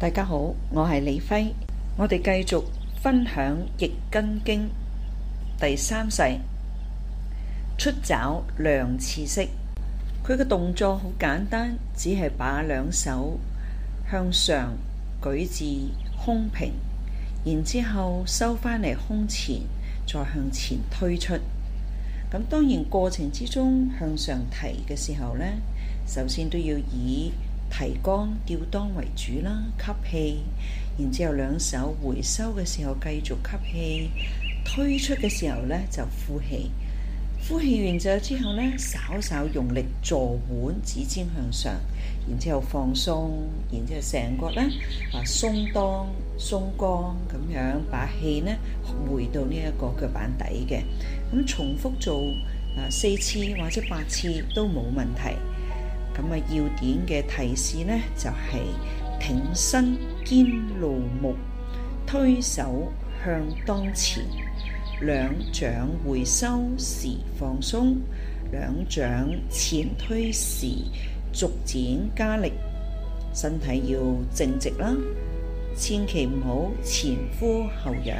大家好，我係李輝，我哋繼續分享《易筋經》第三勢「出爪亮翅式」。佢嘅動作好簡單，只係把兩手向上舉至胸平，然之後收返嚟胸前，再向前推出。咁當然過程之中向上提嘅時候呢，首先都要以提肛吊襠為主啦，吸氣，然之後兩手回收嘅時候繼續吸氣，推出嘅時候咧就呼氣，呼氣完咗之後咧，稍稍用力坐腕，指尖向上，然之後放鬆，然之後成個咧啊鬆襠鬆肛咁樣，把氣呢回到呢一個腳板底嘅，咁、嗯、重複做啊四、呃、次或者八次都冇問題。咁啊，要點嘅提示呢就係挺身肩露目，推手向當前，兩掌回收時放鬆，兩掌前推時逐漸加力，身體要正直啦，千祈唔好前呼後仰。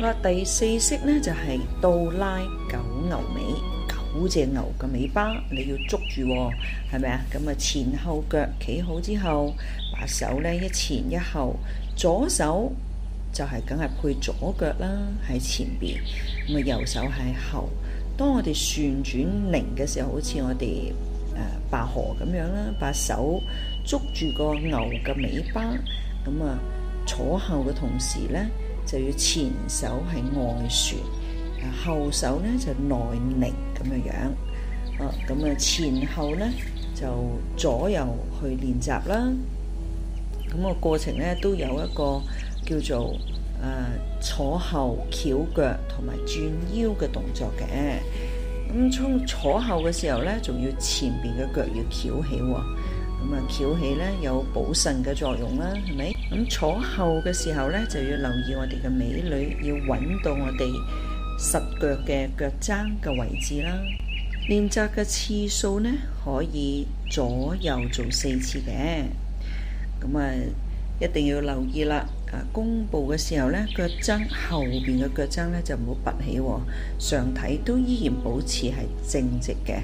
嗱，第四式呢就係倒拉九牛尾。好隻牛嘅尾巴，你要捉住，係咪啊？咁啊，前後腳企好之後，把手咧一前一後，左手就係梗係配左腳啦，喺前邊，咁啊右手喺後。當我哋旋轉零嘅時候，好似我哋誒拔河咁樣啦，把手捉住個牛嘅尾巴，咁啊坐後嘅同時咧，就要前手係外旋。後手咧就耐力咁樣樣，哦，咁啊前後咧就左右去練習啦。咁個過程咧都有一個叫做誒坐後翹腳同埋轉腰嘅動作嘅。咁坐坐後嘅時候咧，仲要前邊嘅腳要翹起，咁啊翹起咧有補腎嘅作用啦，係咪？咁坐後嘅時候咧就要留意我哋嘅美女要揾到我哋實腳嘅腳踭嘅位置啦，練習嘅次數呢可以左右做四次嘅，咁啊一定要留意啦。啊，弓步嘅時候呢，腳踭後邊嘅腳踭呢就唔好拔起，哦，上體都依然保持係正直嘅，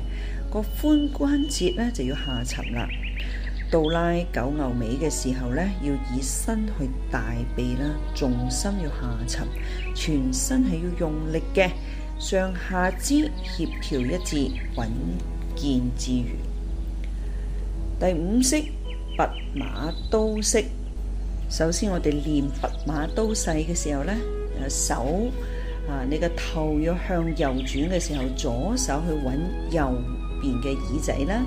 個髖關節呢就要下沉啦。度拉九牛尾嘅時候咧，要以身去大臂啦，重心要下沉，全身係要用力嘅，上下肢協調一致，穩健自如。第五式拔馬刀式，首先我哋練拔馬刀勢嘅時候咧，誒手啊，你個頭要向右轉嘅時候，左手去搵右邊嘅耳仔啦。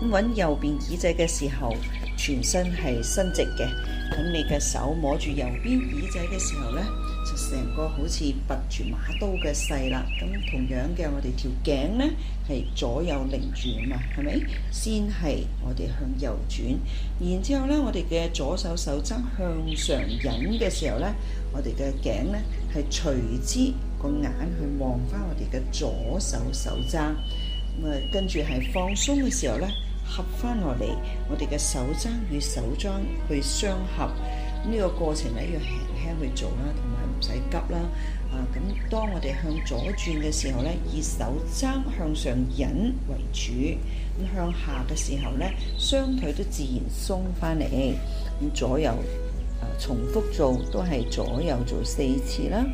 咁揾右邊耳仔嘅時候，全身係伸直嘅。咁你嘅手摸住右邊耳仔嘅時候咧，就成個好似拔住馬刀嘅勢啦。咁同樣嘅，我哋條頸咧係左右擰轉啊嘛，係咪？先係我哋向右轉，然之後咧，我哋嘅左手手踭向上引嘅時候咧，我哋嘅頸咧係隨之個眼去望翻我哋嘅左手手踭。咁啊，跟住係放鬆嘅時候咧。合翻落嚟，我哋嘅手踭與手踭去相合，呢個過程咧要輕輕去做啦，同埋唔使急啦。啊，咁當我哋向左轉嘅時候咧，以手踭向上引為主；咁向下嘅時候咧，雙腿都自然鬆翻嚟。咁左右啊，重複做都係左右做四次啦。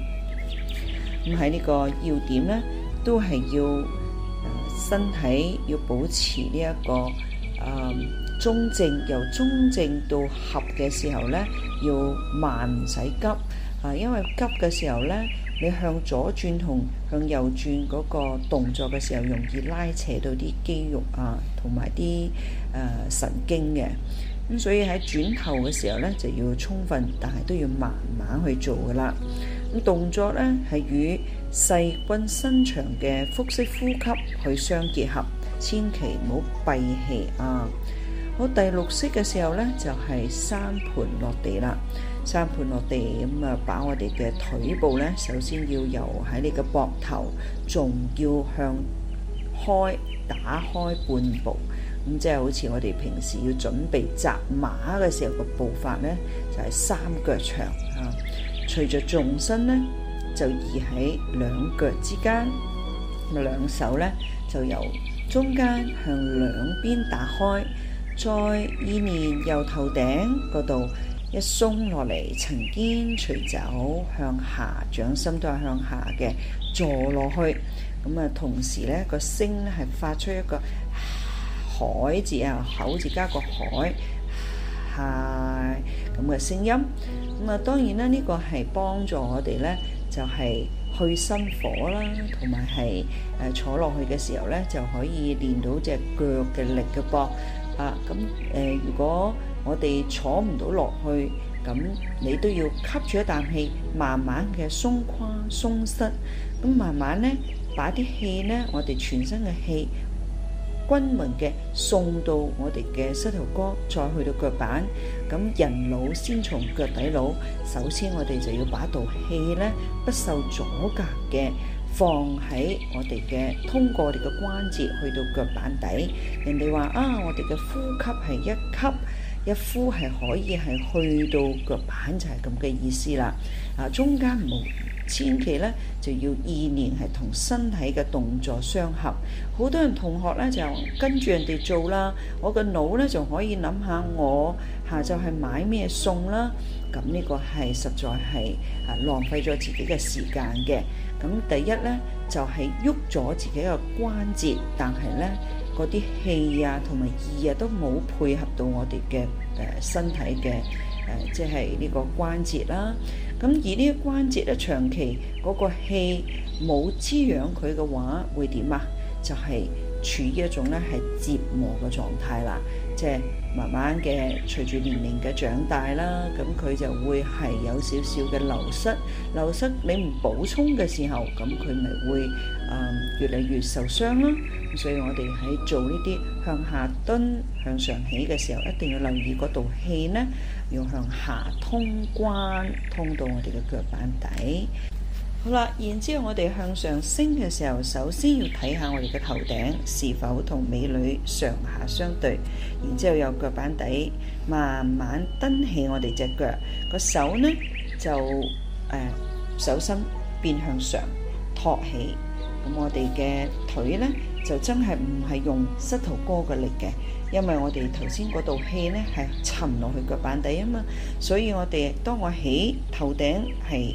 咁喺呢個要點咧，都係要。身體要保持呢、這、一個誒、呃、中正，由中正到合嘅時候呢，要慢唔使急啊、呃！因為急嘅時候呢，你向左轉同向右轉嗰個動作嘅時候，容易拉扯到啲肌肉啊，同埋啲誒神經嘅。咁、呃、所以喺轉頭嘅時候呢，就要充分，但係都要慢慢去做噶啦。咁動作咧，係與細菌伸長嘅腹式呼吸去相結合，千祈唔好閉氣啊！好，第六式嘅時候咧就係、是、三盤落地啦，三盤落地咁啊，把我哋嘅腿部咧，首先要由喺你嘅膊頭，仲要向開打開半步，咁即係好似我哋平時要準備紮馬嘅時候個步伐咧，就係、是、三腳長啊！隨著重心咧，就移喺兩腳之間，咁啊兩手咧就由中間向兩邊打開，再意念由頭頂嗰度一鬆落嚟，沉肩垂肘向下，掌心都係向下嘅坐落去，咁啊同時咧個聲咧係發出一個海字啊，口字加個海，係咁嘅聲音。咁啊，當然啦，呢個係幫助我哋咧，就係去心火啦，同埋係誒坐落去嘅時候咧，就可以練到隻腳嘅力嘅噃。啊，咁誒，如果我哋坐唔到落去，咁你都要吸住一啖氣，慢慢嘅鬆胯鬆膝，咁慢慢咧，把啲氣咧，我哋全身嘅氣均勻嘅送到我哋嘅膝頭哥，再去到腳板。咁人腦先從腳底腦，首先我哋就要把道氣呢，不受阻隔嘅放喺我哋嘅通過我哋嘅關節去到腳板底。人哋話啊，我哋嘅呼吸係一吸一呼係可以係去到腳板就係咁嘅意思啦。啊，中間唔好千祈呢就要意念係同身體嘅動作相合。好多人同學呢就跟住人哋做啦，我個腦呢就可以諗下我。下晝係買咩餸啦？咁呢個係實在係啊浪費咗自己嘅時間嘅。咁第一咧就係喐咗自己嘅關節，但係咧嗰啲氣啊同埋意啊都冇配合到我哋嘅誒身體嘅誒、呃、即係呢個關節啦。咁、呃、而呢啲關節咧長期嗰個氣冇滋養佢嘅話，會點啊？就係、是、處於一種咧係折磨嘅狀態啦，即係。慢慢嘅，隨住年齡嘅長大啦，咁佢就會係有少少嘅流失，流失你唔補充嘅時候，咁佢咪會誒、呃、越嚟越受傷啦。所以我哋喺做呢啲向下蹲、向上起嘅時候，一定要留意嗰道氣呢，要向下通關，通到我哋嘅腳板底。好啦，然之後我哋向上升嘅時候，首先要睇下我哋嘅頭頂是否同美女上下相對，然之後有腳板底慢慢蹬起我哋隻腳，個手呢就誒、呃、手心變向上托起，咁我哋嘅腿呢，就真係唔係用膝頭哥嘅力嘅，因為我哋頭先嗰道氣呢係沉落去腳板底啊嘛，所以我哋當我起頭頂係。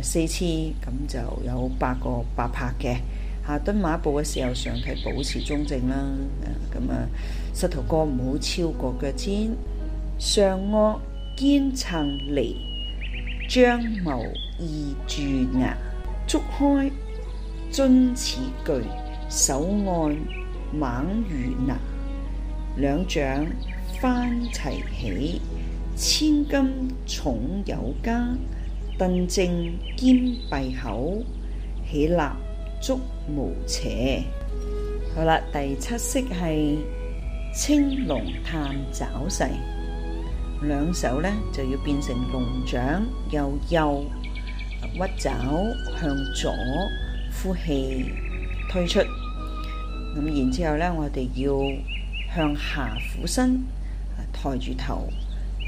四次咁就有八個八拍嘅下蹲馬步嘅時候，上體保持中正啦。咁啊，膝、啊、頭哥唔好超過腳尖，上齶肩撐離，張眸意注牙，足開蹲似踞，手按猛如拿。啊，兩掌翻齊起，千斤重有加。身正兼閉口，起立足無斜。好啦，第七式係青龍探爪勢，兩手呢就要變成龍掌，由右屈爪向左呼氣推出。咁然之後呢，我哋要向下俯身，抬住頭。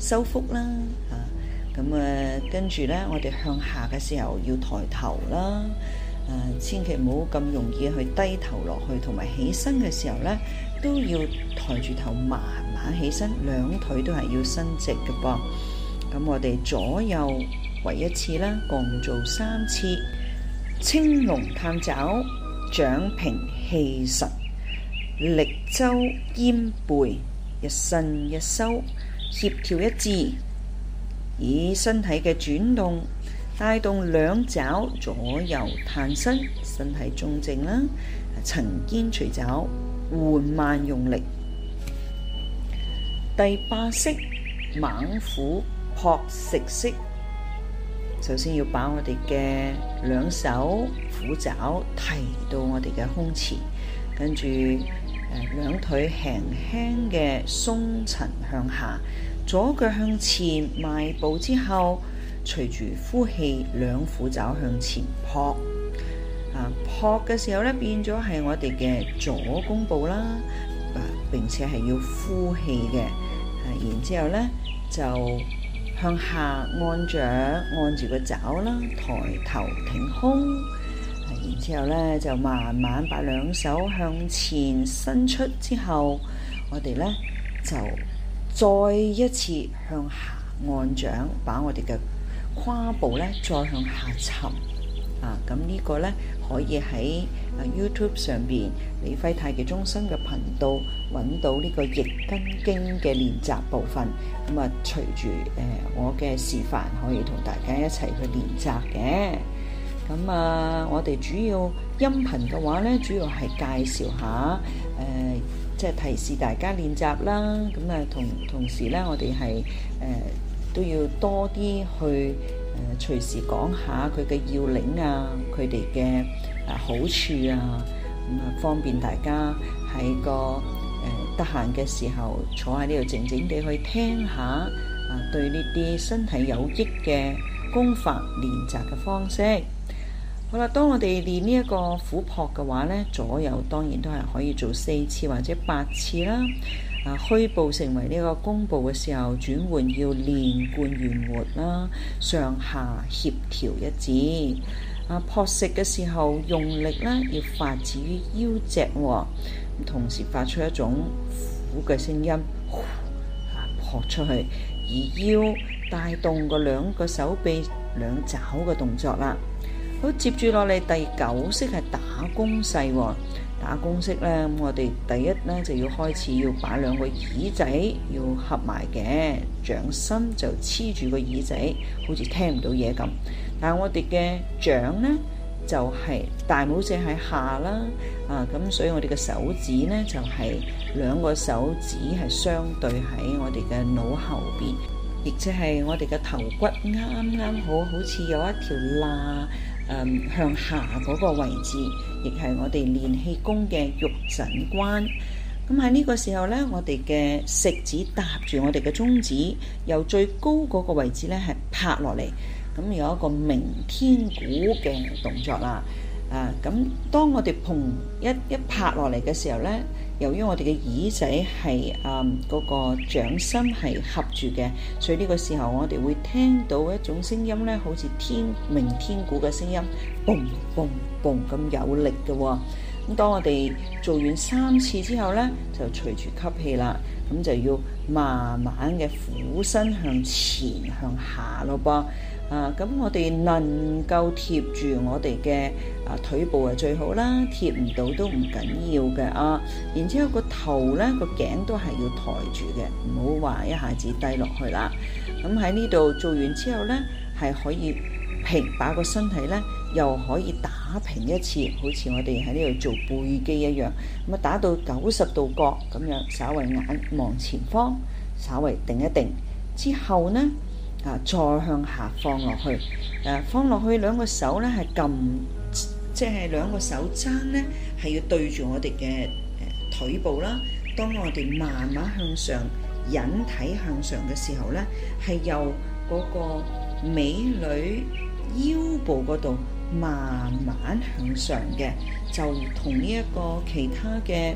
收腹啦，啊，咁啊，跟住咧，我哋向下嘅時候要抬頭啦，啊，千祈唔好咁容易去低頭落去，同埋起身嘅時候咧，都要抬住頭慢慢起身，兩腿都係要伸直嘅噃。咁我哋左右為一次啦，共做三次。青龍探爪，掌平氣實，力周肩背，一伸一收。協調一致，以身體嘅轉動帶動兩爪左右探身，身體中正啦，沉肩垂爪，緩慢用力。第八式猛虎撲食式，首先要把我哋嘅兩手虎爪提到我哋嘅胸前，跟住。誒，兩腿輕輕嘅鬆沉向下，左腳向前邁步之後，隨住呼氣，兩虎爪向前撲。啊，撲嘅時候咧，變咗係我哋嘅左弓步啦。啊，並且係要呼氣嘅。啊，然之後咧就向下按掌，按住個爪啦，抬頭挺胸。然之後咧，就慢慢把兩手向前伸出，之後我哋咧就再一次向下按掌，把我哋嘅胯部咧再向下沉。啊，咁、這個、呢個咧可以喺 YouTube 上邊李輝太極中心嘅頻道揾到呢個易筋經嘅練習部分。咁、嗯、啊，隨住誒我嘅示範，可以同大家一齊去練習嘅。咁啊，我哋主要音頻嘅話咧，主要係介紹下誒，即係提示大家練習啦。咁啊，同同時咧，我哋係誒都要多啲去誒隨時講下佢嘅要領啊，佢哋嘅誒好處啊，咁啊方便大家喺個誒得閒嘅時候坐喺呢度靜靜地去聽下啊，對呢啲身體有益嘅功法練習嘅方式。好啦，當我哋練呢一個虎撲嘅話咧，左右當然都係可以做四次或者八次啦。啊，虛步成為呢個弓步嘅時候，轉換要連貫圓活啦，上下協調一致。啊，撲食嘅時候用力啦，要發指於腰脊喎。咁同時發出一種虎嘅聲音，撲出去，以腰帶動個兩個手臂兩爪嘅動作啦。好，接住落嚟第九式係打躬勢，哦，打躬式咧，嗯。我哋第一咧就要開始要擺，兩個耳仔要合埋嘅，掌心就黐住個耳仔，好似聽唔到嘢咁。但係我哋嘅掌咧就係、是、大拇指喺下啦，啊咁，所以我哋嘅手指咧就係、是、兩個手指係相對喺我哋嘅腦後邊，亦即係我哋嘅頭骨啱啱好好似有一條罅。誒、嗯，向下嗰個位置，亦係我哋練氣功嘅玉枕關。咁喺呢個時候呢，我哋嘅食指搭住我哋嘅中指，由最高嗰個位置呢係拍落嚟，咁有一個鳴天鼓嘅動作啦。誒、啊，咁當我哋碰一一拍落嚟嘅時候呢。由於我哋嘅耳仔係誒嗰個掌心係合住嘅，所以呢個時候我哋會聽到一種聲音咧，好似天鳴天鼓嘅聲音，嘣嘣嘣咁有力嘅喎、哦。咁當我哋做完三次之後咧，就隨住吸氣啦，咁就要慢慢嘅俯身向前向下咯噃。啊，咁我哋能夠貼住我哋嘅啊腿部係最好啦，貼唔到都唔緊要嘅啊。然之後個頭呢，個頸都係要抬住嘅，唔好話一下子低落去啦。咁喺呢度做完之後呢，係可以平把個身體呢又可以打平一次，好似我哋喺呢度做背肌一樣。咁啊，打到九十度角咁樣，稍微眼望前方，稍微定一定之後呢。啊！再向下放落去，誒，放落去兩個手咧係撳，即係兩個手踭咧係要對住我哋嘅誒腿部啦。當我哋慢慢向上，引體向上嘅時候咧，係由嗰個美女腰部嗰度慢慢向上嘅，就同呢一個其他嘅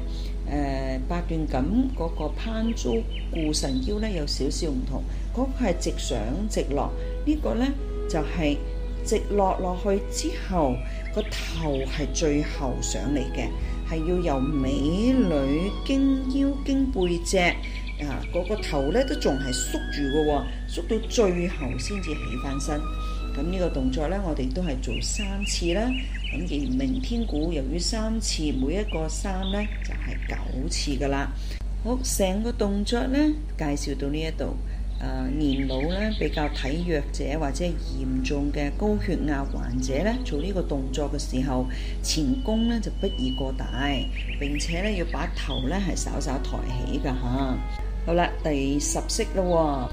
誒八段錦嗰個攀足固腎腰咧有少少唔同。嗰個係直上直落，呢、這個呢就係、是、直落落去之後，個頭係最後上嚟嘅，係要由尾閭、經腰經背脊啊，嗰個頭呢都仲係縮住嘅喎、哦，縮到最後先至起返身。咁呢個動作呢，我哋都係做三次啦。咁而明天股由於三次每一個三呢就係、是、九次㗎喇。好，成個動作呢，介紹到呢一度。年老咧比較體弱者或者嚴重嘅高血壓患者咧，做呢個動作嘅時候，前弓咧就不宜過大，並且咧要把頭咧係稍稍抬起噶吓。好啦，第十式咯，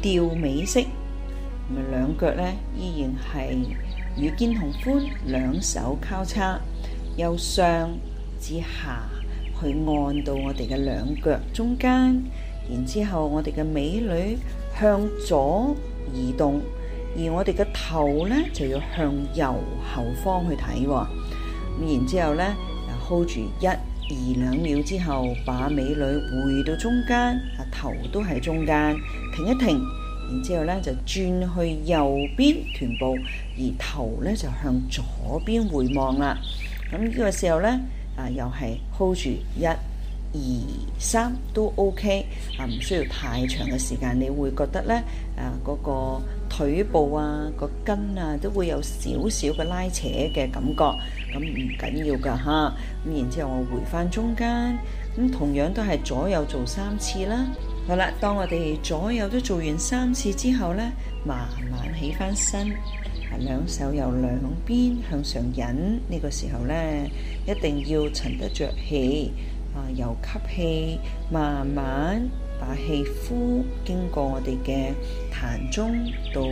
吊尾式，咁啊兩腳咧依然係與肩同寬，兩手交叉，由上至下去按到我哋嘅兩腳中間。然之後，我哋嘅美女向左移動，而我哋嘅頭呢就要向右後方去睇。咁然之後呢，hold 住一、二兩秒之後，把美女回到中間，啊頭都喺中間，停一停。然之後呢就轉去右邊臀部，而頭呢就向左邊回望啦。咁呢個時候呢，啊又係 hold 住一二三都 O.K. 啊，唔需要太長嘅時間，你會覺得呢誒嗰個腿部啊、個筋啊都會有少少嘅拉扯嘅感覺，咁唔緊要噶嚇。咁然之後我回翻中間，咁同樣都係左右做三次啦。好啦，當我哋左右都做完三次之後呢，慢慢起翻身，兩手由兩邊向上引。呢個時候呢，一定要沉得著氣。啊！由吸氣慢慢把氣呼經過我哋嘅檀中到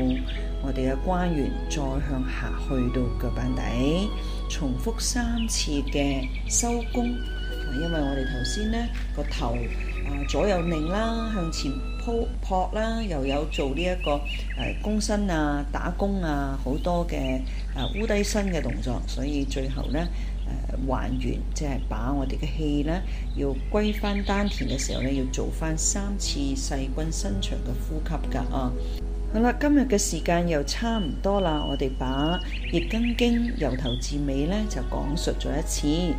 我哋嘅關元，再向下去到腳板底，重複三次嘅收功、啊。因為我哋頭先呢個頭啊左右擰啦，向前鋪撲啦，又有做呢、這、一個誒躬、呃、身啊、打工啊好多嘅啊烏低身嘅動作，所以最後呢。誒、呃、還原即係把我哋嘅氣呢，要歸翻丹田嘅時候呢，要做翻三次細菌伸長嘅呼吸噶啊，好啦，今日嘅時間又差唔多啦，我哋把《易筋經》由頭至尾呢，就講述咗一次。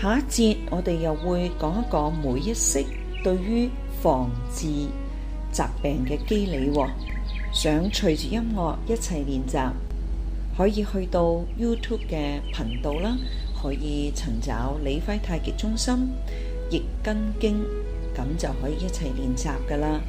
下一節我哋又會講一講每一式對於防治疾病嘅機理、哦。想隨住音樂一齊練習，可以去到 YouTube 嘅頻道啦。可以尋找李輝太極中心易筋經，咁就可以一齊練習噶啦。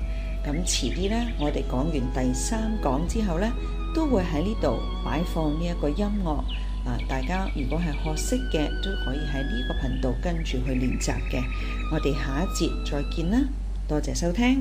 咁遲啲呢，我哋講完第三講之後呢，都會喺呢度擺放呢一個音樂。啊，大家如果係學識嘅，都可以喺呢個頻道跟住去練習嘅。我哋下一節再見啦，多謝收聽。